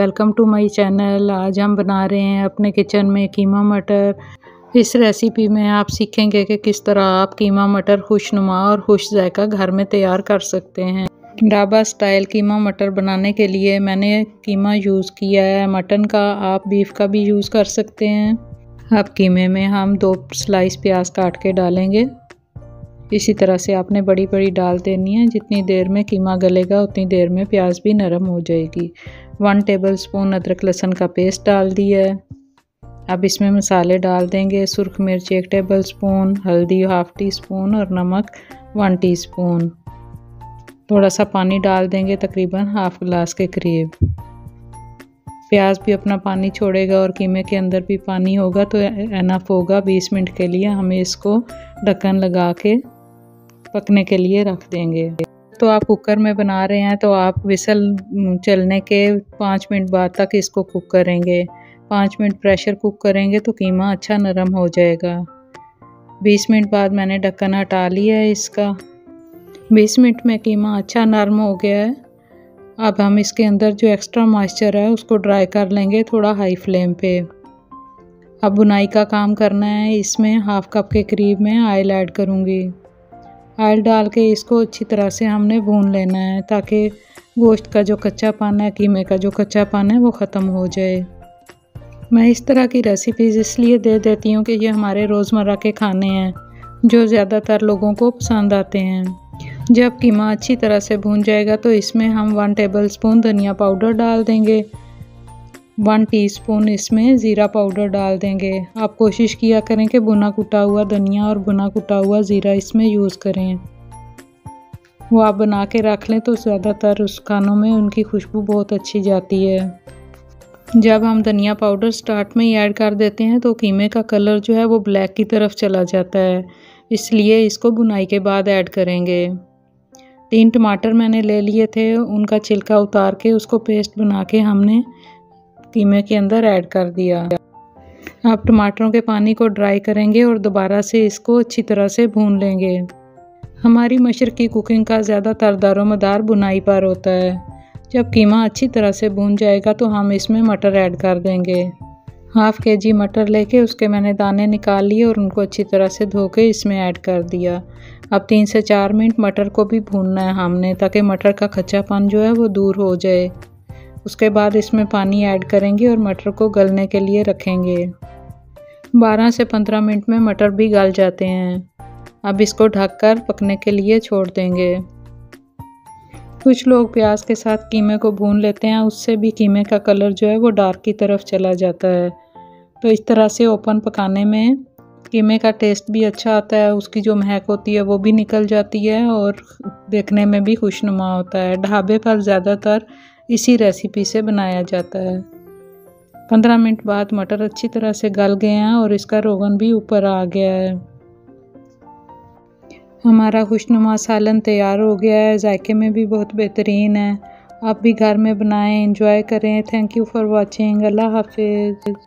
welcome to my channel आज हम बना रहे हैं अपने किचन में कीमा मटर इस रेसिपी में आप सीखेंगे कि किस तरह आप कीमा मटर खुशनुमा और खुश जायका घर में तैयार कर सकते हैं ढाबा स्टाइल कीमा मटर बनाने के लिए मैंने कीमा यूज़ किया है मटन का आप बीफ का भी यूज़ कर सकते हैं अब कीमे में हम दो स्लाइस प्याज काट के डालेंगे इसी तरह से आपने बड़ी बड़ी डाल देनी है जितनी देर में कीमा गलेगा उतनी देर में प्याज भी नरम हो जाएगी वन टेबल स्पून अदरक लहसुन का पेस्ट डाल दिया है अब इसमें मसाले डाल देंगे सुरख मिर्च एक टेबल स्पून हल्दी हाफ़ टी स्पून और नमक वन टी स्पून थोड़ा सा पानी डाल देंगे तकरीबन हाफ़ गिलास के करीब प्याज भी अपना पानी छोड़ेगा और कीमे के अंदर भी पानी होगा तो एनफ होगा 20 मिनट के लिए हमें इसको ढक्कन लगा के पकने के लिए रख देंगे तो आप कुकर में बना रहे हैं तो आप विसल चलने के पाँच मिनट बाद तक इसको कुक करेंगे पाँच मिनट प्रेशर कुक करेंगे तो कीमा अच्छा नरम हो जाएगा बीस मिनट बाद मैंने ढक्कन हटा लिया है इसका बीस मिनट में कीमा अच्छा नरम हो गया है अब हम इसके अंदर जो एक्स्ट्रा मॉइस्चर है उसको ड्राई कर लेंगे थोड़ा हाई फ्लेम पे अब बुनाई का काम करना है इसमें हाफ़ कप के करीब मैं आयल ऐड करूँगी ऑयल डाल के इसको अच्छी तरह से हमने भून लेना है ताकि गोश्त का जो कच्चा पान है कीमे का जो कच्चा पान है वो ख़त्म हो जाए मैं इस तरह की रेसिपीज़ इसलिए दे देती हूँ कि ये हमारे रोज़मर्रा के खाने हैं जो ज़्यादातर लोगों को पसंद आते हैं जब कीमा अच्छी तरह से भून जाएगा तो इसमें हम वन टेबल स्पून धनिया पाउडर डाल देंगे वन टीस्पून इसमें ज़ीरा पाउडर डाल देंगे आप कोशिश किया करें कि बुना कुटा हुआ धनिया और बुना कुटा हुआ ज़ीरा इसमें यूज़ करें वो आप बना के रख लें तो ज़्यादातर उस खानों में उनकी खुशबू बहुत अच्छी जाती है जब हम धनिया पाउडर स्टार्ट में ही ऐड कर देते हैं तो कीमे का कलर जो है वो ब्लैक की तरफ चला जाता है इसलिए इसको बुनाई के बाद ऐड करेंगे तीन टमाटर मैंने ले लिए थे उनका छिलका उतार के उसको पेस्ट बना के हमने कीमे के अंदर ऐड कर दिया अब टमाटरों के पानी को ड्राई करेंगे और दोबारा से इसको अच्छी तरह से भून लेंगे हमारी मशर की कुकिंग का ज़्यादातर दारोमदार बुनाई पर होता है जब कीमा अच्छी तरह से भून जाएगा तो हम इसमें मटर ऐड कर देंगे हाफ़ के जी मटर लेके उसके मैंने दाने निकाल लिए और उनको अच्छी तरह से धो के इसमें ऐड कर दिया अब तीन से चार मिनट मटर को भी भूनना है हमने ताकि मटर का खच्चापन जो है वो दूर हो जाए उसके बाद इसमें पानी ऐड करेंगे और मटर को गलने के लिए रखेंगे 12 से 15 मिनट में मटर भी गल जाते हैं अब इसको ढककर पकने के लिए छोड़ देंगे कुछ लोग प्याज के साथ कीमे को भून लेते हैं उससे भी कीमे का कलर जो है वो डार्क की तरफ चला जाता है तो इस तरह से ओपन पकाने में कीमे का टेस्ट भी अच्छा आता है उसकी जो महक होती है वो भी निकल जाती है और देखने में भी खुशनुमा होता है ढाबे पर ज़्यादातर इसी रेसिपी से बनाया जाता है पंद्रह मिनट बाद मटर अच्छी तरह से गल गए हैं और इसका रोगन भी ऊपर आ गया है हमारा खुशनुमा सालन तैयार हो गया है जायके में भी बहुत बेहतरीन है आप भी घर में बनाएं इंजॉय करें थैंक यू फॉर वाचिंग अल्लाह हाफिज़